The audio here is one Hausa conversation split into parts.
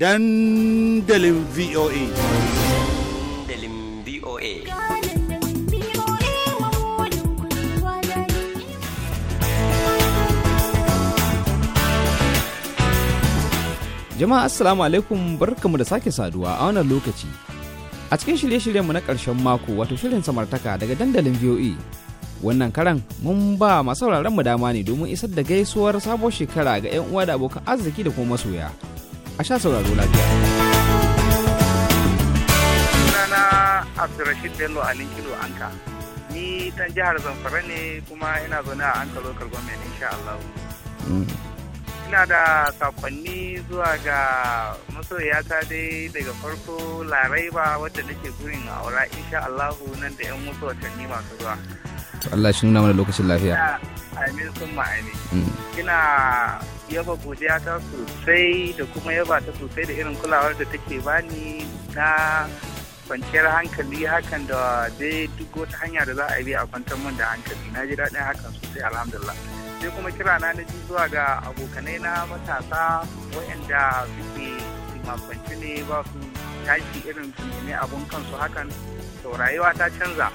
dandalin VOA. Dandalin VOA. Jama'a Assalamu alaikum barkamu da sake saduwa a wannan lokaci. A cikin shirye-shiryenmu na ƙarshen mako wato shirin samartaka daga dandalin VOA. wannan karan mun ba masu mu dama ne domin isar da gaisuwar sabon shekara ga 'yan uwa da abokan arziki da kuma masoya a sha sauraro lafiya. Sunana Abdulrashid Bello a Linkilo Anka. Ni dan jihar Zamfara ne kuma ina zaune a Anka Local Government insha Allah. Mm. Ina da sakonni zuwa ga masoyata dai daga farko Laraiba wadda nake gurin aura insha Allah nan da 'yan wasu watanni masu zuwa. To Allah shi nuna mana lokacin lafiya. Amin sun ma'ani. Mm. Ina yaba godiya ta sosai da kuma yaba ta sosai da irin kulawar da take bani na kwanciyar hankali hakan da dai duk wata hanya da za a bi a kwantar mun da hankali na ji daɗin hakan sosai alhamdulillah sai kuma kira na na ji zuwa ga abokanai na matasa waɗanda suke mafanci ne ba su tashi irin tunani abun kansu hakan to rayuwa ta canza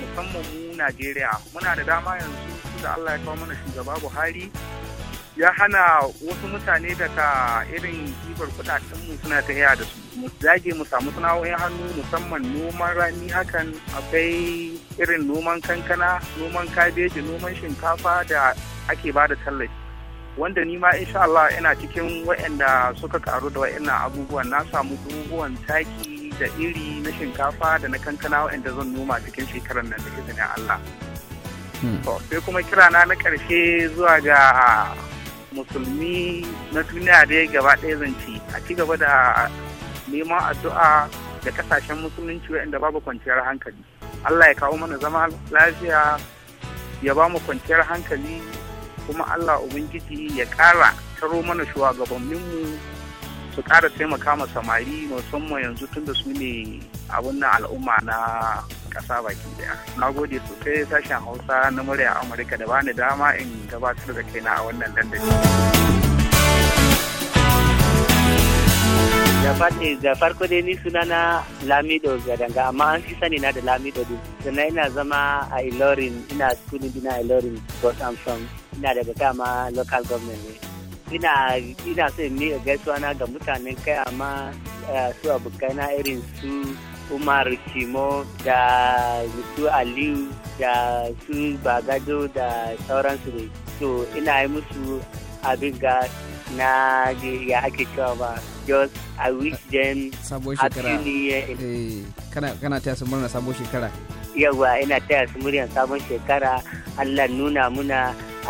musamman mu Najeriya muna da dama yanzu da Allah ya kawo mana shugaba Buhari ya hana wasu mutane daga irin kudaden mu suna ta yaya da su mu zage mu samu sana'o'in hannu musamman noman rani hakan akwai irin noman kankana noman kabeji noman shinkafa da ake ba da tallafi wanda ni ma insha Allah ina cikin waɗanda suka karu da waɗannan abubuwan na samu dubuwan taki da iri na shinkafa da na kankana waɗanda zan noma cikin shekarar nan da izinin Allah. Hmm. sai kuma kirana na ƙarshe zuwa ga musulmi na duniya dai gaba ɗaya zance a ci gaba da neman addu'a da kasashen musulunci waɗanda babu kwanciyar hankali allah ya kawo mana zama lafiya ya ba mu kwanciyar hankali kuma allah ubangiji ya ƙara taro mana shugabanninmu su ƙara taimaka ma samari musamman yanzu tunda da su ne abin al'umma na ƙasa baki daya na gode sosai sashen hausa na murya amurka da bani dama in gabatar da kaina a wannan dandali da farko dai ni suna na lamido gadanga amma an fi sani na da lamido din sannan ina zama a ilorin ina school ina ilorin but i'm from ina daga kama local government ne ina ina so in miƙa gaisuwa na ga mutanen kai amma eh, su abokai na irin su umar cimo da su aliyu da su bagado da sauransu ne so ina yi musu abin ga na ya ake cewa ba just i wish them happy new year eh, kana kana taya su murna sabon shekara yawa ina taya su muryan sabon shekara allah nuna muna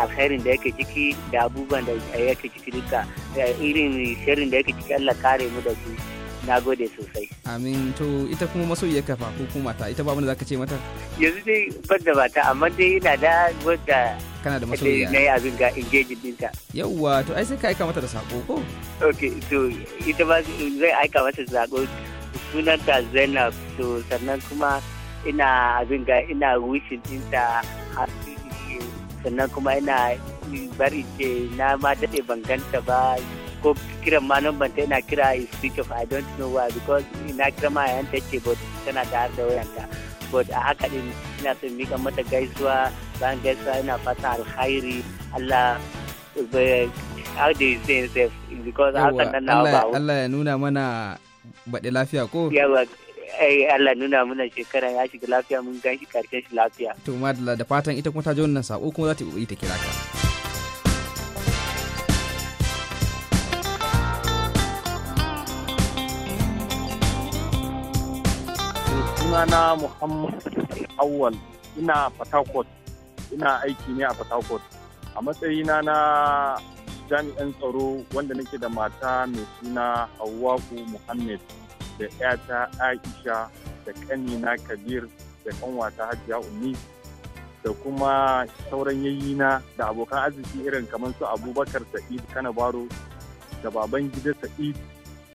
alkhairin da yake ciki da abubuwan da yake ciki duka eh, irin shirin da yake ciki allah kare mu da su na gode sosai amin to ita kuma masoyi iya kafa ko kuma ta ita ba abin da zaka ce mata yanzu dai ban da mata amma dai ina da wadda kana da masoyiya eh, na yi abin ga engaging dinta yawwa to ai sai ka aika mata da sako ko okay to ita ba zai aika mata da sunan sunanta Zainab to sannan kuma ina abin ga ina wishin dinta sannan kuma ina bari ce na ma daɗe ban ganta ba ko kiran ma nan banta ina kira a speech of I don't know why because ina kira ma yan take but tana har da wayanta but a haka din ina son mika mata gaisuwa bayan gaisuwa ina fata alkhairi Allah eh, how do you say safe because haka nan na ba Allah ya nuna mana baɗi lafiya ko yawa ai eh, Allah nuna mana shekara ya shiga lafiya mun gan shi karshen shi lafiya to madalla da fatan ita kuma ta ji wannan sako kuma za ta yi ta kira ka sunana muhammad awal ina fatakot ina aiki ne a fatakot a matsayina na jami'an tsaro wanda nake da mata mai suna Hawwaku muhammad da 'yata aisha da kanina kabir da kanwata hajiya ummi da kuma sauran yayyina da abokan arziki irin kamar su abubakar sa'id kanabaro da baban gida sa'id